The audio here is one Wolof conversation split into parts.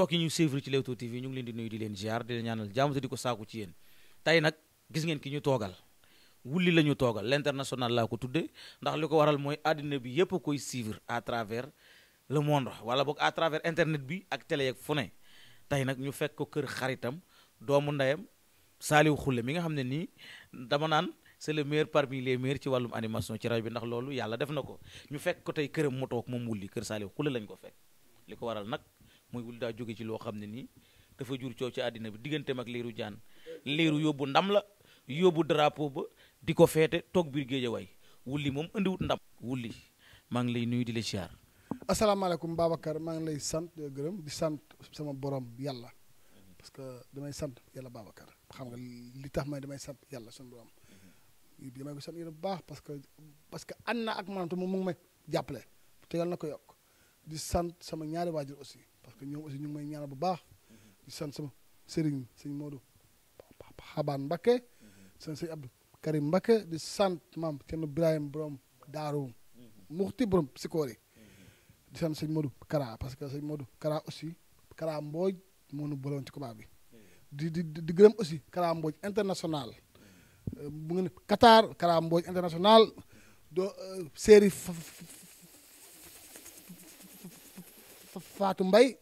mbokk yi ñu suivre ci Leewtoo TV ñu ngi leen di nuyu di leen ziar di leen ñaanal jàmm di ko saaku ci yéen tey nag gis ngeen ki ñu toogal wulli la ñu toogal l'international laa ko tuddee ndax li ko waral mooy àddina bi yépp koy suivre à travers le monde wala boog à travers internet bi ak tele yeeg fu ne tey nag ñu fekk ko kër xaritam doomu ndeyam Saliou Khoulé mi nga xam ne nii dama naan c'est le meilleur parmi les meilleurs ci wàllum animation ci rajo bi ndax loolu yàlla def na ko ñu fekk ko këram mu toog moom wulli kër Saliou Khoulé lañ ko fekk mooy wul daa jóge ci loo xam ne nii dafa jur coow ci àddina bi diggante ak liiru jaan liiru yóbbu ndam la yóbbu drapeau ba di ko feete toog biir géejawaay wulli moom indiwut ndam wulli maa ngi lay nuyu di la siyaar asalaamaaleykum Babacar maa ngi lay sant di gërëm di sant sama borom yàlla parce que damay sant yàlla Babacar xam nga li tax may damay sant yàlla suñu borom damay ko sant yàlla bu baax parce que parce que ànd na ak maanaam moom mu ngi jàppale te yàlla na ko yokk di sant sama ñaari waajur aussi parce ñoom aussi ñu ngi may ñaanal bu baax di sant sama sëriñ sëñ Modou Xabaan Mbakke sant sëñ Abdou Karim Mbakke di sant maam kenn Ibrahim borom daaru muxti borom sikoori di sant sëñ Modou Kara parce que sëñ Modou Kara usi Kara Mbooj moo nu boloon ci bi di di di gërëm aussi Kara Mbooj international euh, bu ngeen Kara Mbooj international doo euh, séeri Faatu Mbay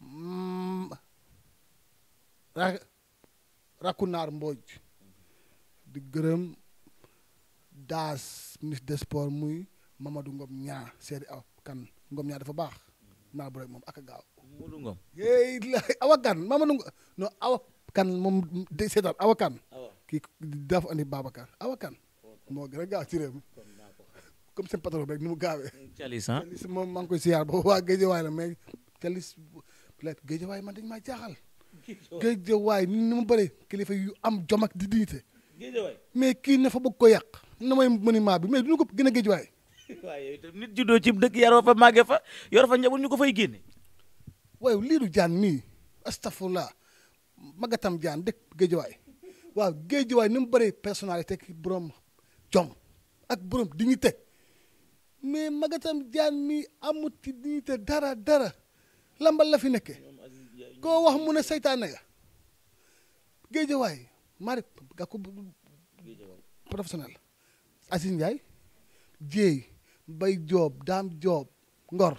mm, rakku naar mbooj di gërëm daas ministre des sports muy Mamadou Ngom ñaa seedi aw kan Ngom ñaa dafa baax naa bu rek moom ak gaaw Mamadou Ngom Ngom non awa moom seetaan awa kan kii andi Babacar awa moo gën a gaaw ci comme seen patron rek ni mu gaawee. Calis ah Calis moom maa ngi koy siyaar boobu waa Géejawaay la mais Calis Géejawaay man dañ maa jaaxal. Géejawaay ni mu bëri kilifa yu am jom ak di dignité. Géejawaay mais kii na fa bëgg ko yàq na may monument bi mais du ñu ko gën a Géejawaay. waaye nit juddoo ci dëkk fa màggee ko fay génne. waaye jaan mii astafurlah magatam jaan dëkk géejawaay waaw géejawaay ni mu bëree personnalité ki borom jom ak borom dignité mais magatam jaan mi amut ci dignité dara dara lambal la fi nekke koo wax mu ne seytaane nga géejawaay mari gàkku professionnel Aziz Ndiaye jéey bay joob daam joob ngor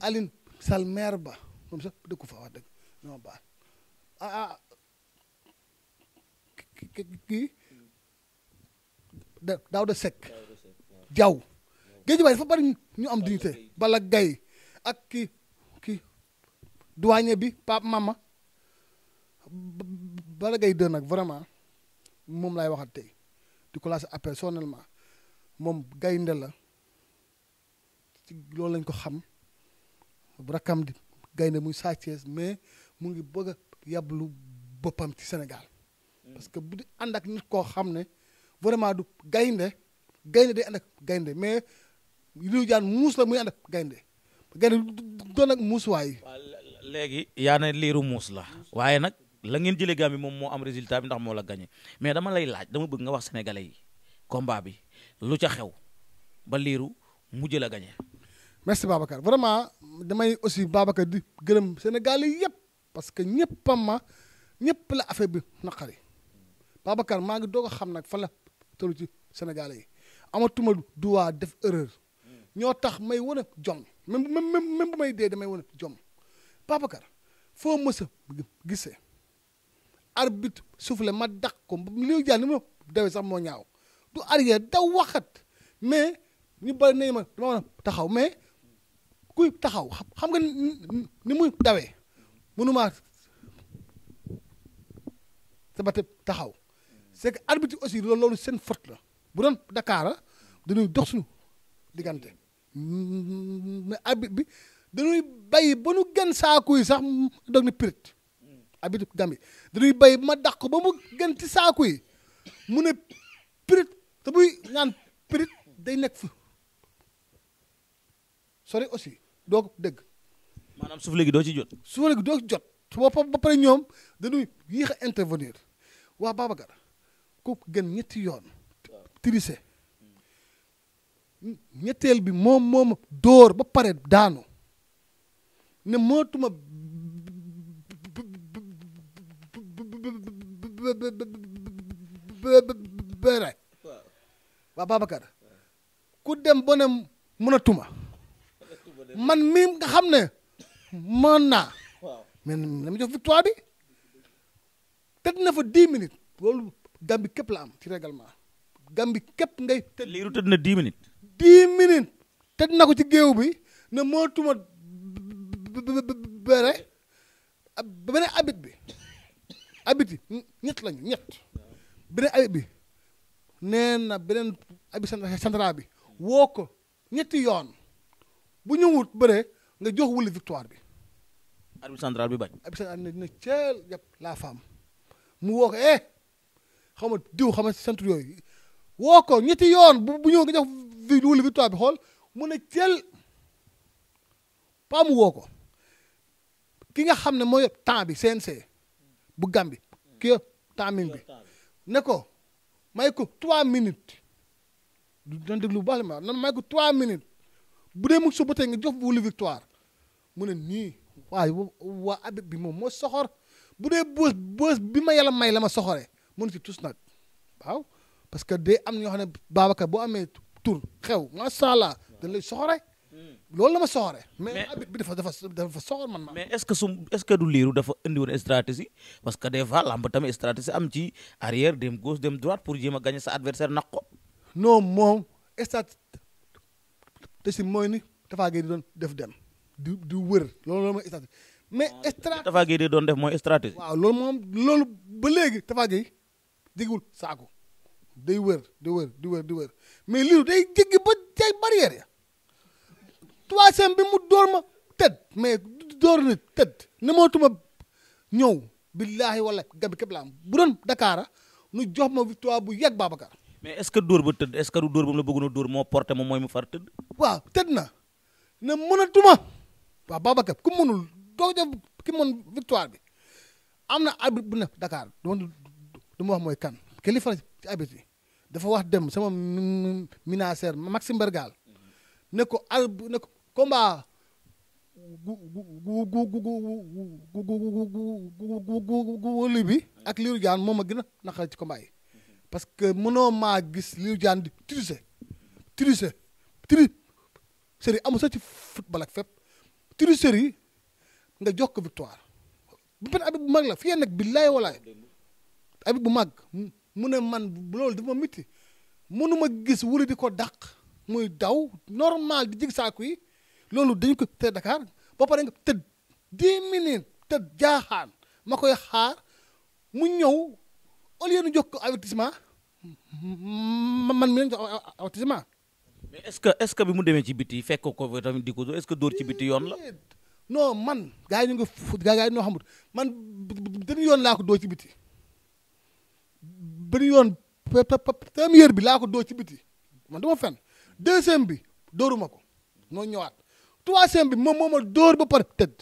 Aline Sall ba dëkku fa wax dëgg non baal ah, ah. sekk Diaw Guédiawaye dafa bari ñu am dignité bala Gaye ak ki ki douanier bi Pape Mama bala Gaye dën nag vraiment moom lay waxat tey di ko lancé appel personnellement moom gaynde la ci loolu lañ ko xam rakkam di gaynde muy Sa Thiès mais mu ngi bëgg a yablu boppam ci Sénégal mm. parce que bu di ànd ak nit koo xam ne vraiment du gaynde gaynde day ànd gaynde mais Lirou Diane muus la muy ànd gaynde gaynde doon ak muus waay. léegi yaa ne liiru muus la waaye nag la ngeen jëlee bi moom moo am résultat bi ndax moo la gagné mais dama lay laaj dama bëgg nga wax sénégalais yi bi lu ca xew ba Lirou mujj la gagné. merci Babacar vraiment damay aussi Babacar di gërëm Sénégal yi yëpp parce que ñëpp am ma ñëpp la affaire bi naqari Babacar maa ngi doog a xam nag fan la tollu ci Sénégal yi amatuma duwaa def erreur ñoo tax may wan a jom même même même bu may dee damay wan a jom Babacar foo mës a gisee arbitre soufflé ma daq ko liu jaan ni mu dawee sax moo ñaaw du arrière daw waxat mais ñu bari nañ ma dama war a taxaw mais kuy taxaw xam nga ni muy dawee mënumaa sabate taxaw c'est que arbitre aussi loolu seen faute la bu doon Dakar danuy dox suñu diggante mais abit bi dañuy bay ba nu gën saaku yi sax dog ni pirit abitu Gàmbi dañuy bay ma dàq ko ba mu gën ci saaku yi mu ne pirit te buy naan pirit day nekk fu sore aussi doo ko dégg maanaam suuf léegi doo ci jot suuf léegi doo ci jot su boppam ba pare ñoom dañuy yéex a intervenir waa Babacar ku gën ñetti yoon trisé ñetteel bi moom moom dóor ba pare daanu ne mootuma bëre waaw Babacar ku dem ba ne mënatuma man mii nga xam ne mën naa mais na ma jox victoire bi tëdd na fa dix minutes loolu Gambie képp la am ci règlement Gambie képp ngay tëdd liiru tëdd na dix minutes dix minutes teg na ko ci géew bi ne mootuma bere beneen abit bi abit yi ñett lañu ñett beneen abit bi nee na beneen abit central bi woo ko ñetti yoon bu ñëwut wut nga jox wuli victoire bi arbitre central bi bañ arbitre central ne dina ceel yëpp la femme mu woo ko eh xaw ma diw xama sant yooyu woo ñetti yoon bu ñëw nga jox bi wuli victoire bi xool mu ne jël paamu woo ko ki nga xam ne mooy temps bi CNC bu Gambie ki yëpp temps bi ne ko may ko trois minutes du doon déglu bu baax la ma non may ko trois minutes bu dee mu suba tey nga jox wuli victoire mu ne nii waaye waa abib bi moom moo soxor bu dee bës boos bi ma yàlla may la ma soxoree mun ci tus nag waaw parce que day am ñoo xam ne Babacar boo amee tur xew macha allah dañ lay soxore hmm. loolu la ma soxore mais habit bi fa dafa soxor man ma mais est ce su est ce que du liiru dafa indi woon stratégie parce que des fois lamb tamit stratégie am ci arrière dem gauche dem droite pour jéem a gagné sa adversaire naq ko non moom stratégie mooy ni dafaa gay di doon def dem di di wër loolu loolu mooy stratégie mais stratégie dafaa gay doon def mooy stratégie waaw loolu moom loolu ba léegi dafaa gay jéggiwul saako day wër di wër di wër di wër mais liiru day jéggi ba cay barrière ya troisième bi mu dóor ma tëdd mais dóor na tëdd ne mootuma ñëw billaahi wala gabi képp laa bu doon Dakar nu jox ma victoire bu yegg Babacar. mais est-ce que dóor ba tëdd est-ce que du dóor ba mu la bëggoon dóor moo porté moom mooy mu far tëdd. waaw tëdd na ne mënatuma waaw Babacar ku mënul doo def ki mën victoire bi am na arbitre bu ne Dakar doon du ma wax mooy kan. kilifa ci abit bi dafa wax dem sama ministère Maxime Bergal ne ko al ne ko combat gu gu gu gu gu gu wëlu bi ak Lirou Diane moom a gën a naqar ci combat yi parce que mënoo maa gis Lirou Diane di tricher tricher tri série amul sax ci football ak fépp tricher yi nga jox ko victoire bu benn abit bu mag la fi yéen nag billaay walaay abit bu mag mu ne man loolu dafa ma métti mënuma gis wuli di ko dàq muy daw normal di jig saaku yi loolu dañ ko te Dakar ba pare nga tëdd dix minutes tëdd jaaxaan ma koy xaar mu ñëw au lieu nu jox ko avertissement man mi leen jox avertissement mais est bi mu demee ci biti fekk ko tamit di ko est-ce que dóor ci biti yoon la non man gaa yi ñu ngi gaa yi noo xamut man dañu yoon laa ko dóor ci biti benn yoon première bi laa ko doo ci biti man dama fen deuxième bi dóoruma ko noo ñëwaat troisième bi moom moo ma dóor ba pare tëdd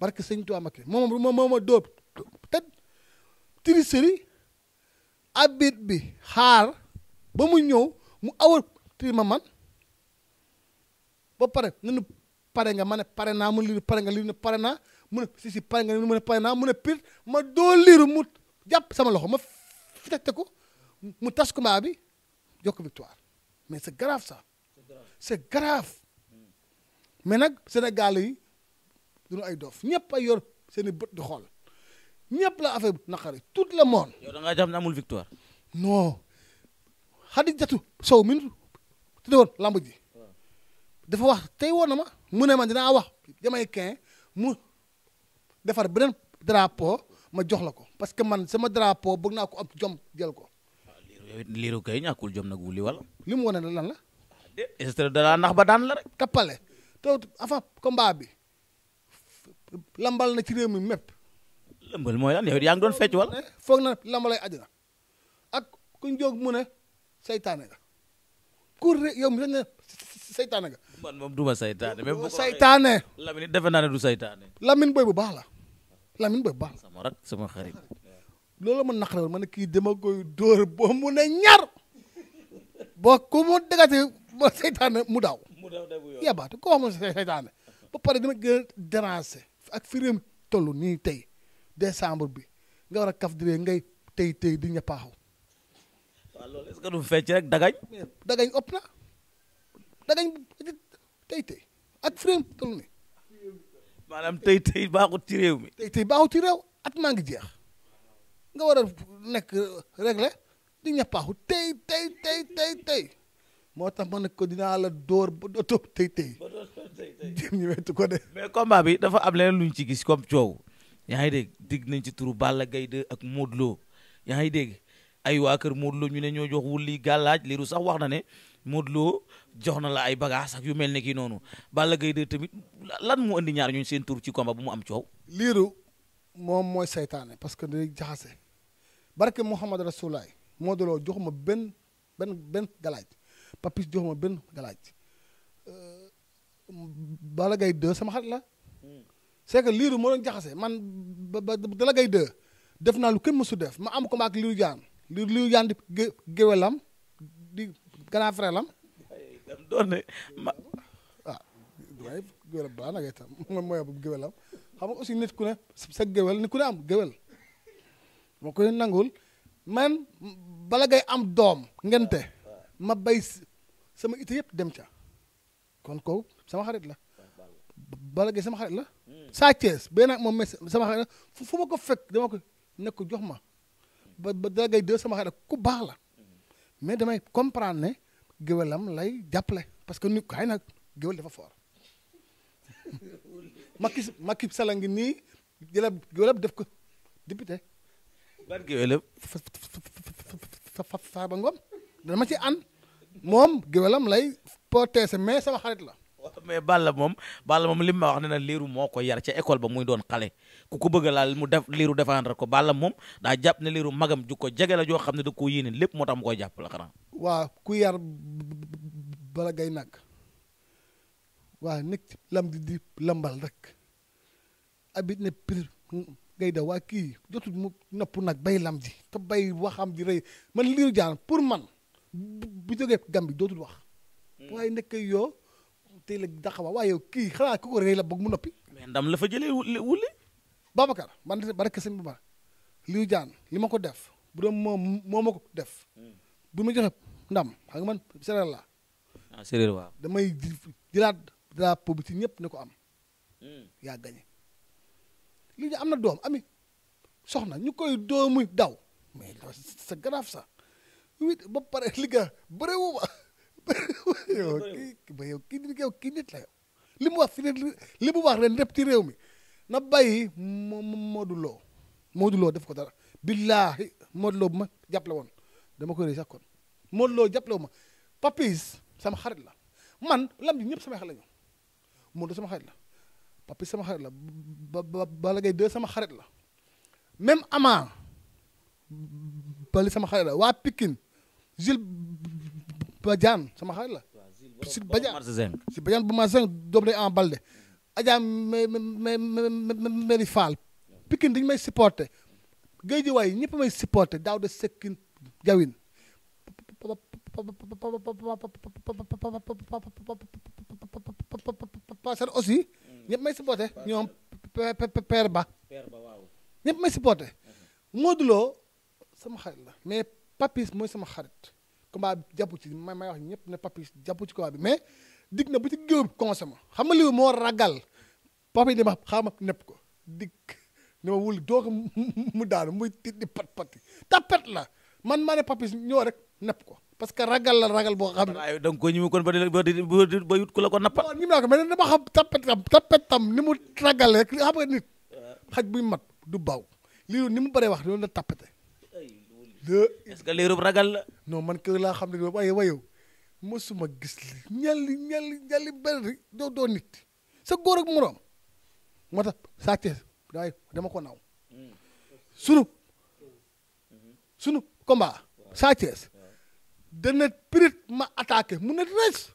parce hmm. que sëñ Tuubaa Mbakke moom moo ma dóor tëdd tiriseri abit bi xaar ba mu ñëw mu awal tiri ma man ba pare nunu pare nga ma ne pare naa mu liiru pare nga liiru ne pare naa mu ne si si mu ne pare ma doo liiru mu jàpp sama loxo ma respecté ko mu tas combat bi yokk victoire mais c'est grave ça. c'est grave mais nag Sénégal yi duñu ay dof ñëpp ay yor seeni bët di xool ñëpp la affaire naqari tout le monde. yow da ngaa jàpp ne amul victoire. non Xadijatu Sow mi ñu tuddee woon lamb dafa wax tey woon na ma mu ne ma dinaa wax jamaïcain mu defar beneen drapeau. ma jox la ko parce que man sama drapeau bëgg naa ko am jom jël ko. waaw liiru kay ñàkkul jom nag wuli wala. li mu wane lan la. déet da nax ba daan la rek. tappale te avant combat bi lambal na ci réew mi mépp. lambal mooy lan yow yaa ngi doon fecc walla eh, foog na lambalay àddina ak ku ñu jóg mu ne saytaane nga ku ré yow mi ne nga. man moom du ma saytaane. même bu saytaane. Lamine defe naa du saytaane. Lamine bu baax la. Lamine booy baal. sama sama xarit. loolu ma naqare woon ma ne kii dama koy dóor boo mu ne ñaar boo ku mu dëggati ba seytaane mu daw. mu koo xam ne seytaane ba pare dama gën a ak fi réew nii tey de décembre bi nga war a kaf diree ngay tey tey di ñappaaxu. waaw loolu est-ce que du fecc rek dagañ. dagañ ëpp na dagañ tey tey ak fi réew nii. maanaam tey tey baaxut ci réew mi. tey tey réew at maa ngi jeex nga wara a nekk réglé di ñappaaxu tey tey tey tey moo tax man ko dinaa la dóor ba dootoo tey tey. ba dootoo tey tey jéem ñu wetu ko mais combat bi dafa am leneen lu ñu ci gis comme coow yaa ngi dégg dig nañ ci turu Balla Gaye 2 ak Modou Lo yaa ngi dégg ay waa kër Modou Lo ñu ne ñoo jox wulli gàllaaj liiru sax wax na ne. Modou Lo jox na la ay bagages ak yu mel ne kii noonu Balla gay 2 tamit lan mu andi ñaar ñooñu seen tur ci combat bu mu am coow. liiru moom mooy saytaane parce que day jaxase barke Mouhamad Rasulaay Modou Lo jox ma benn benn benn galaaj Papis jox ma benn galaaj euh, Balla Gaye 2 sama xarit la. Hmm. c'est que liiru moo doon jaxase man ba ba Balla Gaye def naa lu kenn mësu def ma am combat ak liiru jaan liiru liiru jaan di géwelam grand frère lam doon ne ma waaw ah, waaye géwél baax nag mooy bu géwélam xam nga aussi nit ku ne sa géwél nit ku ne am géwél moo koy nangul man bala ngay am doom ngente ma bay sama ité yëpp dem ca kon kooku sama xarit la bala ngay sama xarit la saa Thiès benn moom mais sama xarit la fu ma ko fekk dama ko nekk jox ma ba bala ngay dee sama xarit la ku baax la mais damay comprendre ne géwélam lay jàppale parce que nit kaay nag géwél dafa fort Macky Macky Sall a ngi nii jëlab géwélam def ko député ban géwélam Farba Ngom dama ci ànd moom géwélam lay porté mais sama xarit la mais Balla moom Balla moom li ma wax ne na liiru moo ko yar ca école ba muy doon xale ku ko bëgg laal mu def liiru défendre ko Balla moom daa jàpp ne liiru magam ju ko jege la joo xam ne da koo yéene lépp moo tax mu koy jàpp la xanaa. waaw ku yar bala ngay nag waaw nag di di lambal rek abit ne pir ngay waa kii jotul mu nopp nag bay lam ji bay waxam di rëy man liiru jaan pour man bu jógee Gambie dootul wax hmm. waaye nekk yoo teel a daxawa waaye kii xanaa ku ko rëy la bëgg mu noppi. mais ndam la fa jëlee wuli. Babacar man barke sëñ Baba liy jaan li ma ko def bu doon moom moo ko def. bu ma joxe ndam xam nga man séeréer ah, damay jëlaat drapeau bi ci ñëpp ne ko am. Hmm. yaa am na doom ami ñu koy doomu daw ba pare li nga yow ba yow kii nit yow kii nit la yow li mu wax fi ne li mu wax ren lépp ci réew mi na bàyyi moom Modou Lo Modou Lo def ko dara billaahi Modou Lo bu ma jàppale woon dama koy rëy sax kon Modou Lo jàppale wu ma Papis sama xarit la man lam ji ñëpp sama xarit la ñu Modou sama xarit la Papis sama xarit la ba Balla Gaye 2 sama xarit la même Ama Bali sama xarit la waa Pikine Jules Badiane sama xarit la. si Badiane si Badiane bu ma zeng doom day en balde. Adja may may may Fall. Pikine dañu may supporter. Guédiawaye ñëpp may supporter daaw de sekkin jawin. passer aussi. ñëpp ñoom père Ba. ñëpp may supporter. Modou Lo sama xarit la mais Papis mooy sama xarit. combat bi jàpp ci may may wax ñëpp ne papi jàpp ci combat bi mais dig na bu ci géew bi consommé xam nga lii moo ragal papi di ma xaw ma nepp ko dig ne ma wul doo mu daanu muy tit di pat pati la man maa papi ñoo rek nepp ko parce que ragal la ragal boo xam ne. waaye donc ko kon ba ba yut ku la ko nappal. waaw ñu naa ko mais dama xam tapet tam tapet tam ni mu ragal rek xam nga nit. Euh. xaj buy mat du baw lii ni mu bëree wax loolu la tapete. est-ce que léerub ragal la. man kër laa xam ne waaye waaye mosuma gis li ñalli ñalli ñalli bëri doo doo nit sa góor ak moroom moo tax saa tees ko naaw dana pirit ma attaqué mun na res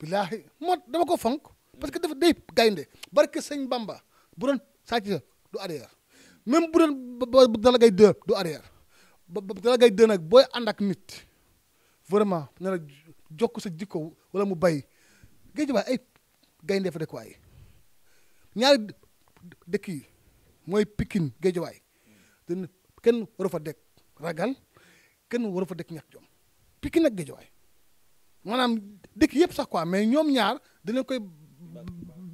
billaahi moo dama fonk parce que dafa day gaynde barke sëñ Bamba bu doon saa tees du même bu doon Balla Gaye du arrière ba Balla Gaye 2 nag booy ànd ak nit vraiment ne la jokk sa jikko wala mu bay géej waay ay gaynde fa dëkkuwaay waay dëkk yi mooy Pikine géej waay kenn waru fa dëkk ragal kenn waru fa dëkk ñàkk jom Pikine ak géej waay maanaam dëkk yëpp sax quoi mais ñoom ñaar dinañ koy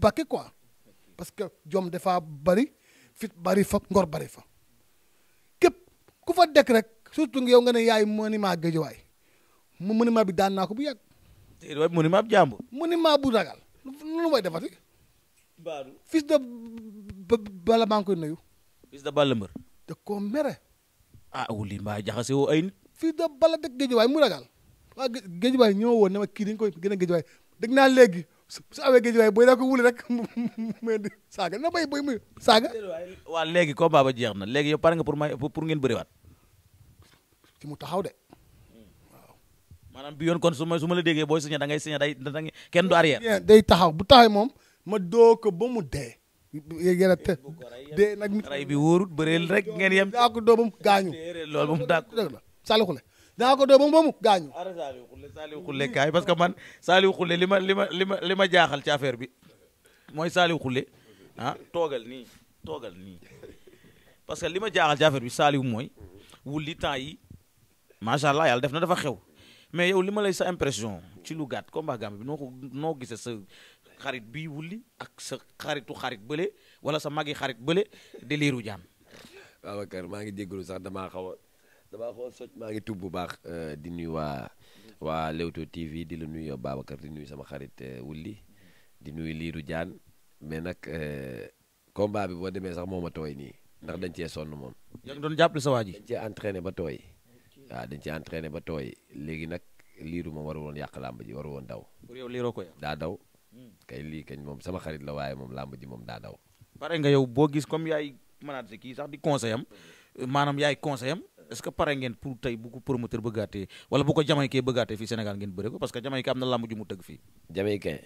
bakke quoi parce que jom dafa bari fit bari fa ngor bari fa képp ku fa dekk rek surtout yow nga ne yaay monument Géejawaay mu monument bi daan naa ko bu yàgg. déedéet waaye monument bu jàmbur. monument bu ragal nu nu defati. baadu fils bala maa koy nuyu. fils de bala mbër. da koo mere. ah wuli mbaa jaxase woo ay nit. fils de bala dëkk waay mu ragal waa Géejawaay ñoo woon ne ma kii dañu koy gën a Géejawaay dégg naa léegi. su awee géej waaye booy daa ko wuli rek saaga na bay booy muy saaga. waa léegi combat ba jeex na léegi yow pare nga pour may pour ngeen bëriwaat. ci mu taxaw de. maanaam bi yoon kon su ma su ma la déggee booy signé da ngay signé day da ngay kenn du arrière. day taxaw bu taxaw moom ma doo ko ba mu dee. yéen te dee nag. ray bi wóorut bëreel rek ngeen yem. daa ko doo ba mu gaañu. loolu ba la danaa ko doo ba mu ba mu gaañu ara que man Saliou Khoule li ma li ma li ma li ma jaaxal ci bi mooy Saliou Khoule ah, toogal nii toogal nii parce que li ma jaaxal ci bi Saliou mooy wulli temps yi macha allah yàlla def na dafa xew mais yow li ma lay sa impression ci lu gàtt combat Gambie bi noo ko noo gisee sa xarit bi wulli ak sa xaritu xarit bële wala sa magi xarit bële di liiru jaan Babacar ngi jégalu sax damaa xaw a damaa xool soj maa ngi tub bu baax euh, di nuyu waa waa Leewtoo TV di la nuyu Babacar di nuyu sama xarit euh, Wulli di nuyu Liiru Jaan mais nag euh, combat bi boo demee sax moom ma tooy nii ndax dañ cee sonn moom. yaa ngi doon jàppale sa ji. dañ cee entraîné ba tooy. waaw ba tooy léegi nag liiru moom war woon yàq làmb ji war woon daw. pour yow ko daa daw. Hmm. kay lii kañ moom sama xarit la waaye moom làmb ji moom daa daw. pare nga yow boo gis comme yaay mënaat si kii sax di conseil am maanaam yaay conseil am est-ce que pare ngeen pour tey bu ko promoteur bëggaatee wala bu ko jamaïcain bëggaatee fii Sénégal ngeen bëre ko parce que jamaïcain am na làmb ju mu tëgg fii. jamaïcain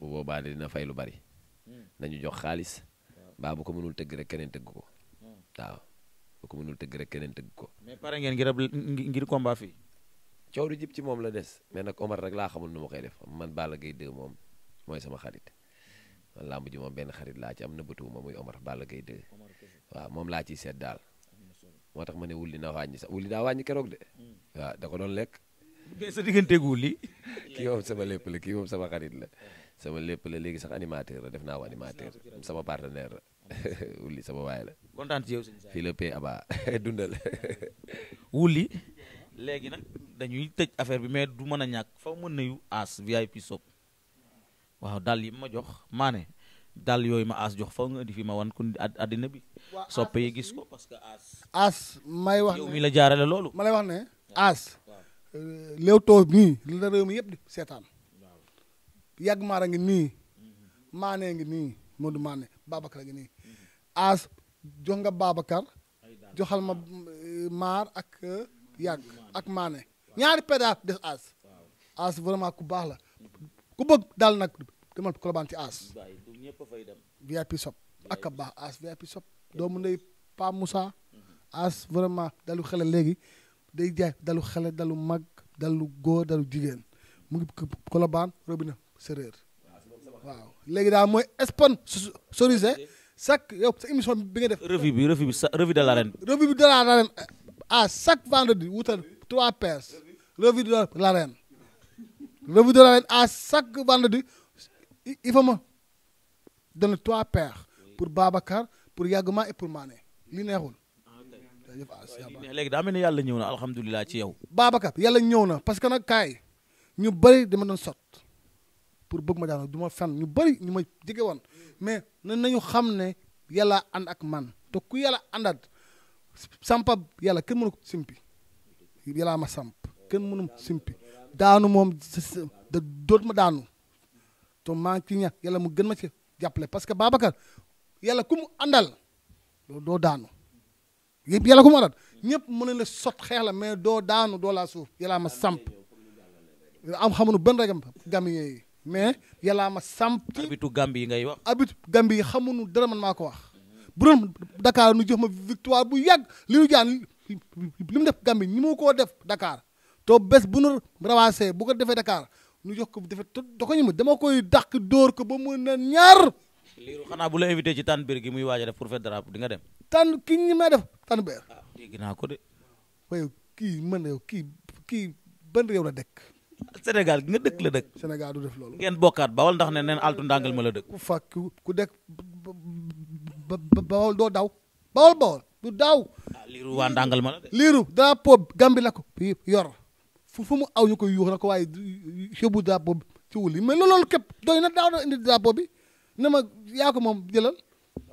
bu dina fay lu bari. nañu jox xaalis. Hmm. mbaa bu ko mënul tëgg rek keneen tëgg ko. Hmm. waaw bu ko rek keneen tëgg ko. mais pare ngeen ngir ngir combat fii. coow du jib ci moom la des mais nag Omar rek laa xamul nu ma koy def man Balla Gaye 2 moom mooy sama xarit. man làmb ji moom benn xarit laa ci am na bëtuwuma muy Omar Balla Gaye moom laa ciy seet daal moo tax ma ne wulli na wàññi sax wulli daa wàññi keroog de hmm. waaw da doon lekk. mais sa digganteeg wulli. kii moom sama lépp la kii moom sama xarit la sama lépp la léegi sax animateur la def naa ko animateur sama partenaire la wulli sama waay la. kontaan ci yow sëñ fii la pay aba dundal. wulli léegi nag dañuy tëj affaire bi mais du mën a ñàkk faw mën nayu aas VIP sop waaw dal yi ma jox maa ne yooyu ma aas jox faw nga indi fi ma wan kon àddina bi. soppe yi gis ko parce que as may wax yow mi la loolu ma lay wax ne as euh, Leewtoo mii la réew mi yëpp di seetaan yàgg maara ngi nii mhm. maanee ngi nii Modou Maane Babacar a ngi nii mhm. as jox nga Babacar joxal ma euh, maar ak euh, yàgg ak maane ñaari pédale des as as vraiment ku baax la ku bëgg daal nag demal Colobane ci as VIP sop ak baax as VIP sop mun ndey Pa Moussa mhm. as vraiment dalu xale léegi day jaay dalu xale dalu mag dalu góor dalu jigéen mu ngi kolobaan robinet séréer ah, waaw léegi daal mooy sponsorisé chaque yow sa émission bi nga def. revue bi revue bi sa revue de l'arène. revue bi de l'arène à chaque vendredi wutal trois paires revue de l'arène revue de l'arène à chaque vendredi il faut ma donner trois paires pour Babacar. pour yàgguma et pour maane li a jërëjëf As léegi daa mel ni yàlla ñëw na alhamdulilah ci yow. Babacar yàlla ñëw na parce que nag kaay ñu bëri dama sot pour bëgg ma daanu du ma fen ñu bëri ñu ma jege woon mais na nañu xam ne yàlla ànd ak man te ku yàlla àndaat sampa yàlla kenn mënu ko simpi yàllaa ma samp kenn mënu simpi daanu moom da doot ma daanu to maa kii ci ña yàlla mu gën ma ci jàppale parce que Babacar yàlla ku mu àndal loolu doo daanu yëpp yàlla ku mu àndal ñëpp mën nañ la sot xeex la mais doo daanu doo laa suuf yàlla ma samp am xamuñu benn rek Gambie yooyu mais yàlla ma samp. abitu Gambie yi ngay wax. abitu Gambie yi xamuñu dara man maa ko wax. bu doon Dakar nu jox ma victoire bu yàgg li ñu jaan li mu def Gambie ñi mu koo def Dakar to bés bu nu rawaasee bu ko defee Dakar nu jox ko defee da ko ñu ma dama koy dàq dóor ko ba mu ne ñaar. liiru xanaa bu la invité ci tànn biir gi muy waaj a def pour fête drapeau di nga dem. tànn ki ñi may def tànn biir. Ah, naa ko kii mën yow kii kii ban réew la dëkk. Sénégal nga dëkk la dëkk. Sénégal du def loolu. ngeen bokkaat bawal ne neen altu ndàngal ma la dëkk. ku ku dëkk bawal doo daw bawal bawal du daw. Ah, liiru waa ndàngal ma la de. liiru drapeau Gambie la ko. yor fu fu mu aw ñu koy yuux na ko waaye yóbbu drapeau bi ci wul yi mais loolu képp doy na daaw na indi drapeau bi. ne ma yaa ko moom jëlal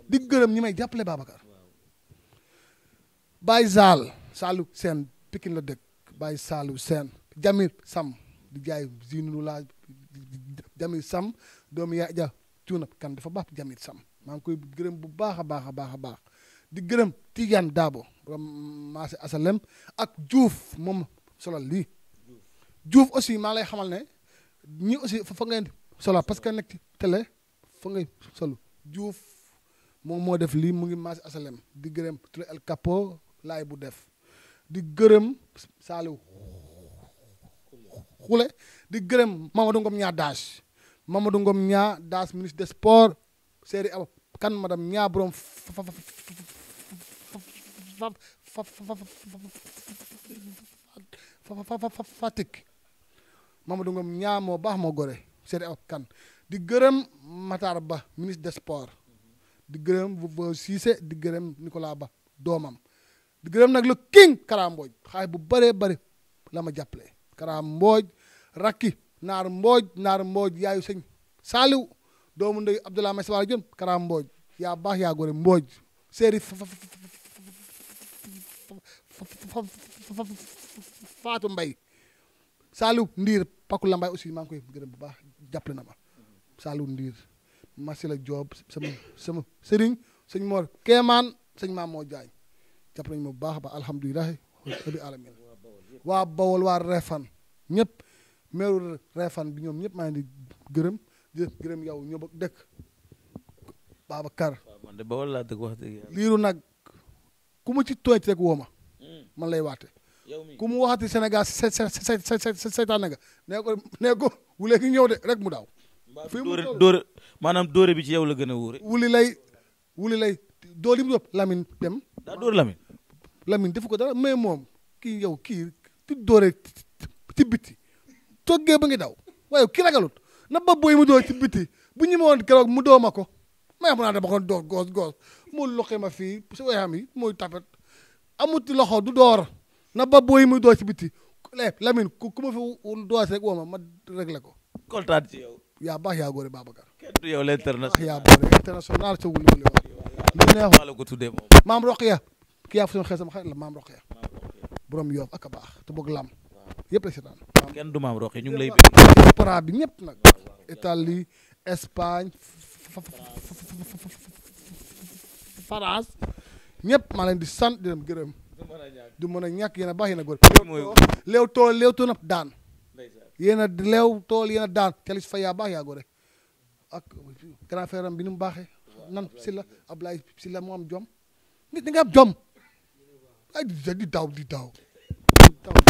di gërëm ñi may jàppale Babacar Baye Sall Saalu Seen pikin la dëkk Baye Saalu Seen Jamil Sam di jaay zinu laa Jamil Sam doom yaay ja cuuna kan dafa baax Jamil Sam maa ngi koy gërëm bu baax a baax a baax a baax di gërëm Tidiane Dabo borom maase asalem ak Diouf moom solal lii Diouf aussi maa lay xamal ne ñi aussi fa ngeen solal parce que nekk télé fa ngay solu Diouf moom moo def lii mu ngi maas asalem di gërëm Touré El Capo laay bu def di gërëm Saliou xule di gërëm Mamadou Ngom ñaa daas Mamadou Ngom ñaa ministre des sports séeri ab kan madame ñaa boroom Fatick Mamadou Ngom ñaa moo baax moo gore séeri ab kan di gërëm Matar Ba ministre des sports di gërëm Veuve Cissé di gërëm Nicolas Ba doomam di gërëm nag le king Karambooj xaay bu baree bëri la ma jàppale Karambooj rakki naar mbooj naar mbooj yaayu sëñ saaliw doomu ndey Abdoulaye May Sabara Dione Karambooj yaa baax yaa gore mbooj séeri faatu mbay saaliw ndiir paku la mbay aussi maa ngi koy gërëm bu baax jàpple na ma Saliou Ndiir Masila Diop sama sama sëriñ sëñ Mor Kéemaan sëñ Maam moo Jaañ jàpp nañu ma bu baax ba alhamdulilahi rabbi alamin waa Bawol waa Refan ñëpp meeru Refan bi ñoom ñëpp maa ngi di gërëm di gërëm ba ñoo bokk dëkk Babacar liiru nag ku mu ci tooñ rek woo man lay waate ku mu waxati Sénégal se se se se seytaan nga nee ko wulee gi ñëw de rek mu daaw fii mu toll dóore maanaam dóore bi ci yow la gën a wóore. wuli lay wuli lay dóor yi mu dóor dem. daa dóor Lamine. Lamine defu ko dara mais moom kii yow kii ci dóore ci toggee ba ngi daw waaye ki ragalut na ba booy mu dóor ci bu ñu ma keroog mu dóor ma ko ma naa dama ko dóor goos goos moo loxee ma fii su way xam yi mooy tapet amut loxo du door na ba booy mu dóor ci biti eh, Lamine ku ma fi doose rek woo ma ma réglé ko. kontaan ci yow. yaa baax yaa góore Babacar. kenn du yow l'international yaa boole international ca wuli wuli lu neex wala ko tuddee ki yaa fa sama xel sama la maam Roqia borom yoof ak a baax te bëgg lam yëpp la seetaan. maam Roqia ñu ngi lay. opéra bi ñëpp nag. Italie Espagne France ñëpp maa leen di sant di leen du mën a ñàkk yéen a baax yéen a góor. too léew too nag daan. yéen a leew tool yéen a daan calis fa yaa baax yaa gore ak grand frère am bi mu baaxee nan si la Ablaye si mu am jom nit ñi nga am jom ay di daw di daw